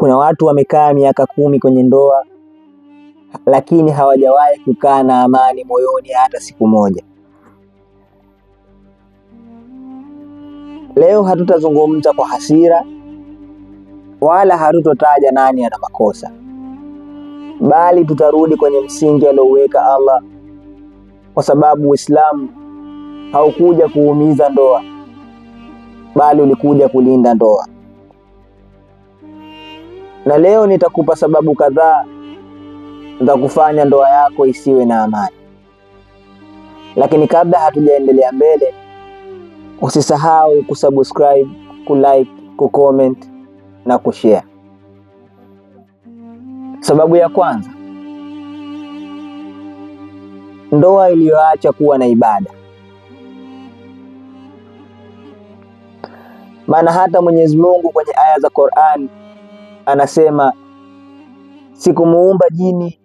Kuna watu wamekaa miaka kumi kwenye ndoa, lakini hawajawahi kukaa na amani moyoni hata siku moja. Leo hatutazungumza kwa hasira wala hatutotaja nani ana makosa, bali tutarudi kwenye msingi alioweka Allah, kwa sababu Uislamu haukuja kuumiza ndoa, bali ulikuja kulinda ndoa na leo nitakupa sababu kadhaa za kufanya ndoa yako isiwe na amani. Lakini kabla hatujaendelea mbele, usisahau kusubscribe, kulike, kucomment na kushare. Sababu ya kwanza, ndoa iliyoacha kuwa na ibada. Maana hata Mwenyezi Mungu kwenye aya za qorani anasema sikumuumba jini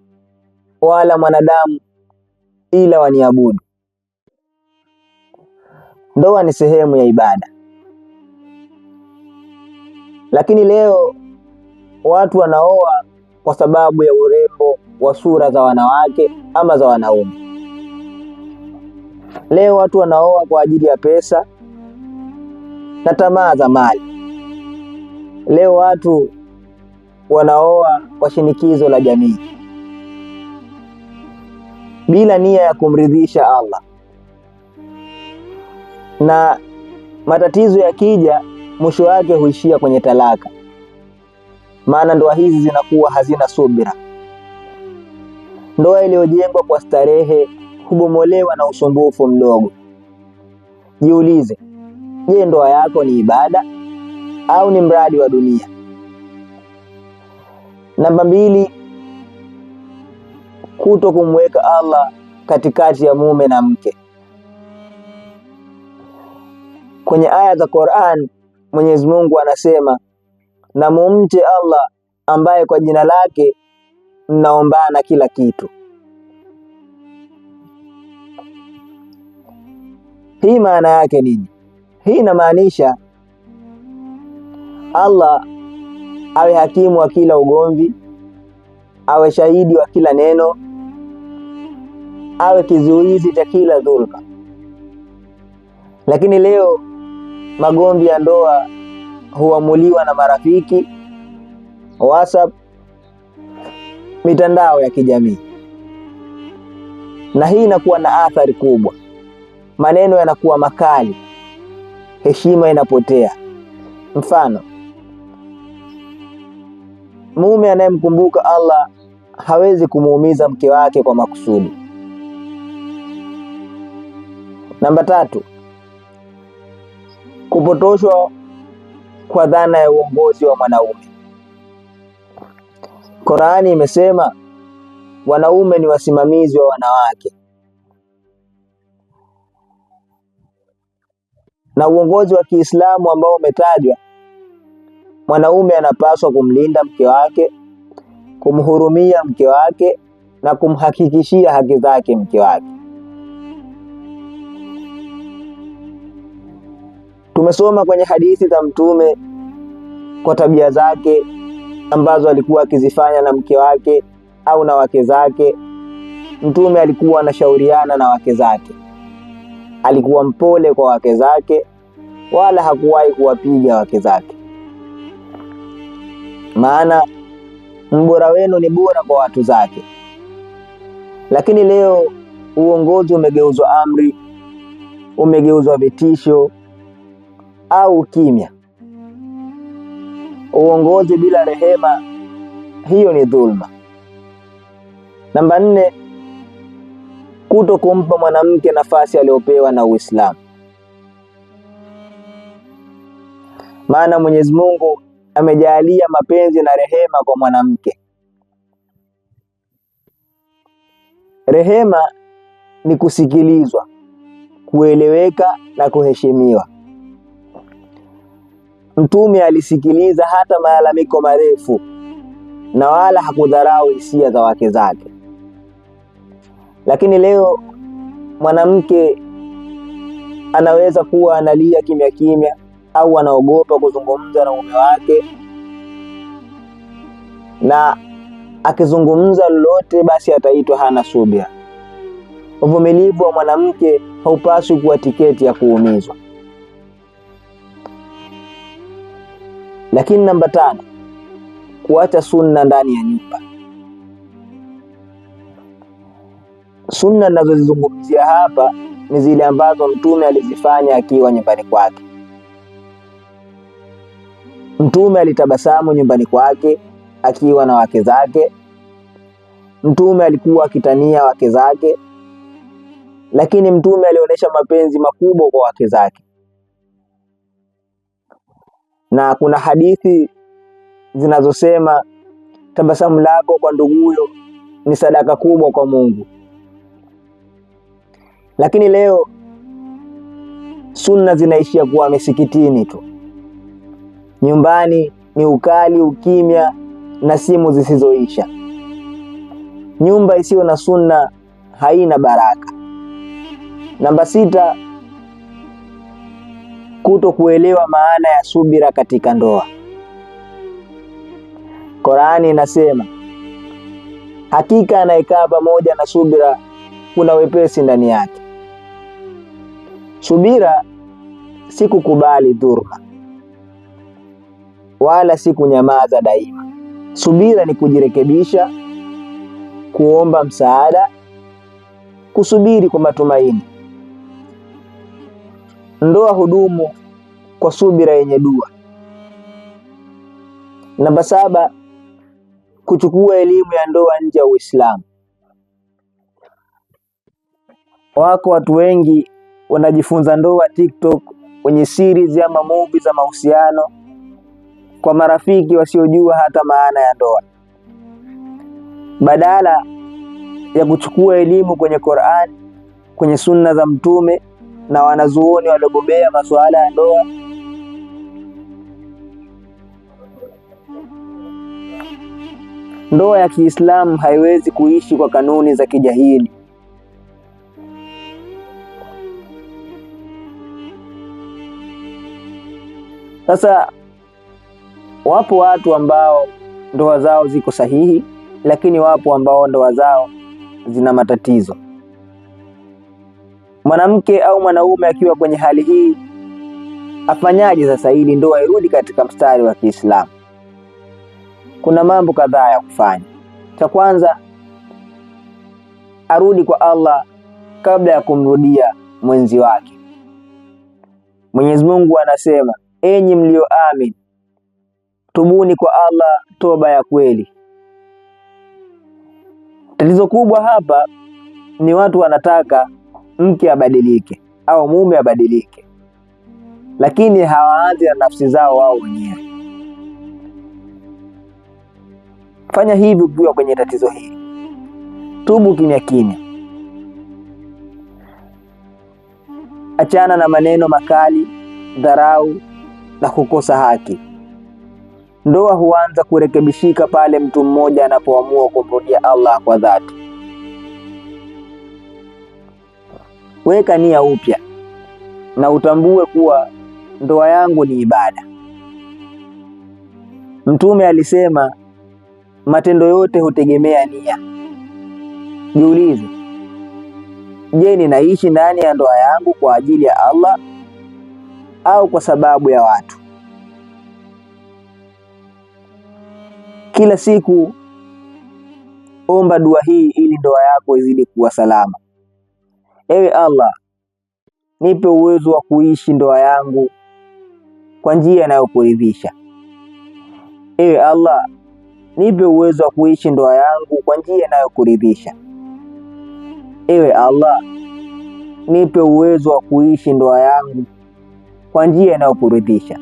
wala mwanadamu ila waniabudu. Ndoa ni sehemu ya ibada, lakini leo watu wanaoa kwa sababu ya urembo wa sura za wanawake ama za wanaume. Leo watu wanaoa kwa ajili ya pesa na tamaa za mali. Leo watu wanaoa kwa shinikizo la jamii bila nia ya kumridhisha Allah, na matatizo yakija, mwisho wake huishia kwenye talaka, maana ndoa hizi zinakuwa hazina subira. Ndoa iliyojengwa kwa starehe hubomolewa na usumbufu mdogo. Jiulize, je, ndoa yako ni ibada au ni mradi wa dunia? Namba mbili, kuto kumweka Allah katikati ya mume na mke. Kwenye aya za Qur'an Mwenyezi Mungu anasema, na mumche Allah ambaye kwa jina lake mnaombana kila kitu. Hii maana yake nini? Hii inamaanisha Allah awe hakimu wa kila ugomvi, awe shahidi wa kila neno, awe kizuizi cha kila dhulma. Lakini leo magomvi ya ndoa huamuliwa na marafiki, WhatsApp, mitandao ya kijamii, na hii inakuwa na athari kubwa. Maneno yanakuwa makali, heshima inapotea. Mfano Mume anayemkumbuka Allah hawezi kumuumiza mke wake kwa makusudi. Namba tatu, kupotoshwa kwa dhana ya uongozi wa mwanaume. Qur'ani imesema wanaume ni wasimamizi wa wanawake, na uongozi wa Kiislamu ambao umetajwa Mwanaume anapaswa kumlinda mke wake, kumhurumia mke wake na kumhakikishia haki zake mke wake. Tumesoma kwenye hadithi za Mtume kwa tabia zake ambazo alikuwa akizifanya na mke wake au na wake zake. Mtume alikuwa anashauriana na wake zake, alikuwa mpole kwa wake zake, wala hakuwahi kuwapiga wake zake maana mbora wenu ni bora kwa watu zake. Lakini leo uongozi umegeuzwa amri, umegeuzwa vitisho au kimya. Uongozi bila rehema, hiyo ni dhulma. Namba nne, kuto kumpa mwanamke nafasi aliyopewa na Uislamu, maana Mwenyezi Mungu amejaalia mapenzi na rehema kwa mwanamke. Rehema ni kusikilizwa, kueleweka na kuheshimiwa. Mtume alisikiliza hata malalamiko marefu na wala hakudharau hisia za wake zake. Lakini leo mwanamke anaweza kuwa analia kimya kimya au anaogopa kuzungumza na mume wake, na akizungumza lolote basi ataitwa hana subira. Uvumilivu wa mwanamke haupaswi kuwa tiketi ya kuumizwa. Lakini namba tano, kuacha sunna ndani ya nyumba. Sunna ninazozizungumzia hapa ni zile ambazo Mtume alizifanya akiwa nyumbani kwake. Mtume alitabasamu nyumbani kwake akiwa na wake zake. Mtume alikuwa akitania wake zake, lakini Mtume alionyesha mapenzi makubwa kwa wake zake, na kuna hadithi zinazosema tabasamu lako kwa nduguyo ni sadaka kubwa kwa Mungu. Lakini leo sunna zinaishia kuwa misikitini tu. Nyumbani ni ukali, ukimya na simu zisizoisha. Nyumba isiyo na sunna haina baraka. Namba sita, kuto kuelewa maana ya subira katika ndoa. Qurani inasema hakika anayekaa pamoja na subira kuna wepesi ndani yake. Subira si kukubali dhurma, wala si kunyamaza daima. Subira ni kujirekebisha, kuomba msaada, kusubiri kwa matumaini. Ndoa hudumu kwa subira yenye dua. Namba saba, kuchukua elimu ya ndoa nje ya Uislamu. Wako watu wengi wanajifunza ndoa TikTok, kwenye series ama movie za mahusiano kwa marafiki wasiojua hata maana ya ndoa, badala ya kuchukua elimu kwenye Qur'an, kwenye sunna za Mtume na wanazuoni waliobobea masuala ya ndoa. Ndoa ya Kiislamu haiwezi kuishi kwa kanuni za kijahili. Sasa Wapo watu ambao ndoa zao ziko sahihi, lakini wapo ambao ndoa zao zina matatizo. Mwanamke au mwanaume akiwa kwenye hali hii afanyaje sasa ili ndoa irudi katika mstari wa Kiislamu? Kuna mambo kadhaa ya kufanya. Cha kwanza, arudi kwa Allah kabla ya kumrudia mwenzi wake. Mwenyezi Mungu anasema, enyi mlioamini tubuni kwa Allah toba ya kweli. Tatizo kubwa hapa ni watu wanataka mke abadilike au mume abadilike, lakini hawaanzi na nafsi zao wao wenyewe. Fanya hivi ukiwa kwenye tatizo hili, tubu kimya kimya, achana na maneno makali, dharau na kukosa haki. Ndoa huanza kurekebishika pale mtu mmoja anapoamua kumrudia Allah kwa dhati. Weka nia upya na utambue kuwa ndoa yangu ni ibada. Mtume alisema matendo yote hutegemea nia. Jiulize, je, ninaishi ndani ya ndoa yangu kwa ajili ya Allah au kwa sababu ya watu? Kila siku omba dua hii ili ndoa yako izidi kuwa salama. Ewe Allah, nipe uwezo wa kuishi ndoa yangu kwa njia inayokuridhisha. Ewe Allah, nipe uwezo wa kuishi ndoa yangu kwa njia inayokuridhisha. Ewe Allah, nipe uwezo wa kuishi ndoa yangu kwa njia inayokuridhisha.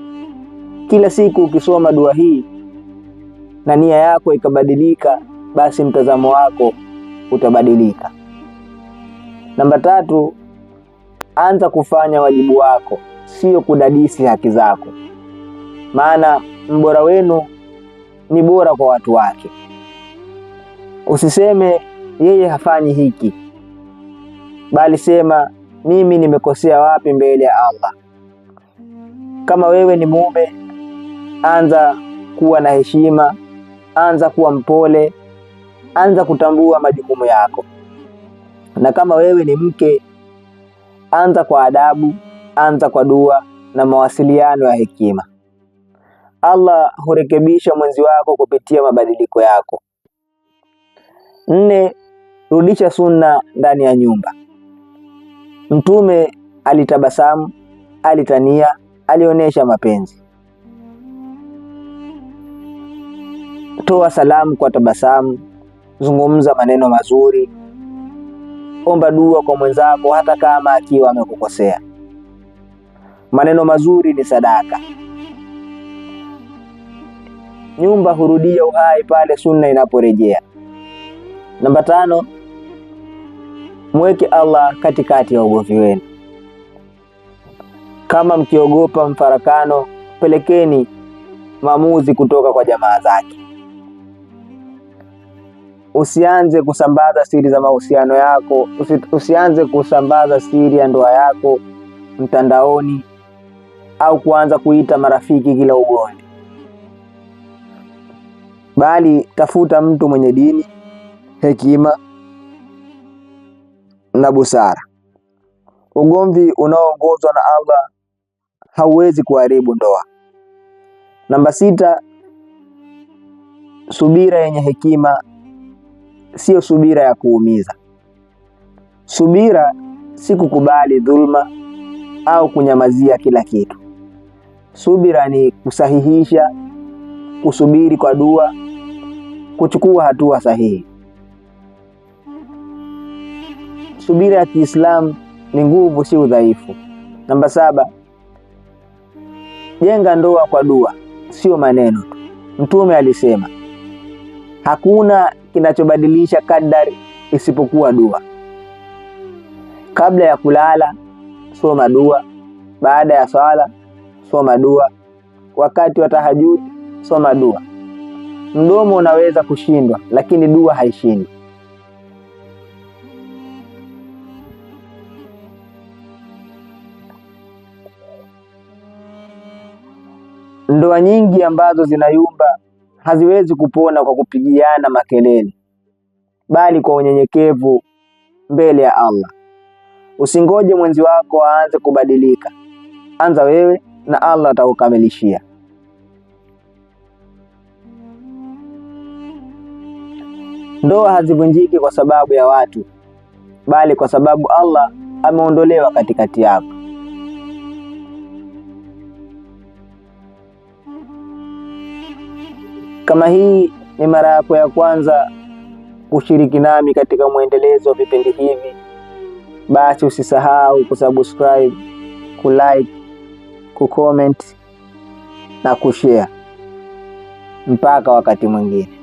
Kila siku ukisoma dua hii na nia yako ikabadilika, basi mtazamo wako utabadilika. Namba tatu, anza kufanya wajibu wako, sio kudadisi haki zako, maana mbora wenu ni bora kwa watu wake. Usiseme yeye hafanyi hiki, bali sema mimi nimekosea wapi mbele ya Allah. Kama wewe ni mume, anza kuwa na heshima anza kuwa mpole, anza kutambua majukumu yako, na kama wewe ni mke, anza kwa adabu, anza kwa dua na mawasiliano ya hekima. Allah hurekebisha mwenzi wako kupitia mabadiliko yako. Nne, rudisha sunna ndani ya nyumba. Mtume alitabasamu, alitania, alionyesha mapenzi. Toa salamu kwa tabasamu, zungumza maneno mazuri, omba dua kwa mwenzako hata kama akiwa amekukosea. Maneno mazuri ni sadaka. Nyumba hurudia uhai pale sunna inaporejea. Namba tano, mweke Allah katikati ya ugomvi wenu. Kama mkiogopa mfarakano, pelekeni maamuzi kutoka kwa jamaa zake. Usianze kusambaza siri za mahusiano yako. Usi, usianze kusambaza siri ya ndoa yako mtandaoni au kuanza kuita marafiki kila ugoni, bali tafuta mtu mwenye dini, hekima na busara. Ugomvi unaoongozwa na Allah hauwezi kuharibu ndoa. Namba sita, subira yenye hekima siyo subira ya kuumiza. Subira si kukubali dhulma au kunyamazia kila kitu. Subira ni kusahihisha, kusubiri kwa dua, kuchukua hatua sahihi. Subira ya Kiislamu ni nguvu, si udhaifu. Namba saba, jenga ndoa kwa dua, sio maneno tu. Mtume alisema Hakuna kinachobadilisha kadari isipokuwa dua. Kabla ya kulala soma dua, baada ya swala soma dua, wakati wa tahajudi soma dua. Mdomo unaweza kushindwa, lakini dua haishindi. Ndoa nyingi ambazo zinayumba haziwezi kupona kwa kupigiana makelele, bali kwa unyenyekevu mbele ya Allah. Usingoje mwenzi wako aanze kubadilika, anza wewe na Allah atakukamilishia. Ndoa hazivunjiki kwa sababu ya watu, bali kwa sababu Allah ameondolewa katikati yako. Kama hii ni mara yako ya kwanza kushiriki nami katika mwendelezo wa vipindi hivi, basi usisahau kusubscribe, kulike, kucomment na kushare. Mpaka wakati mwingine.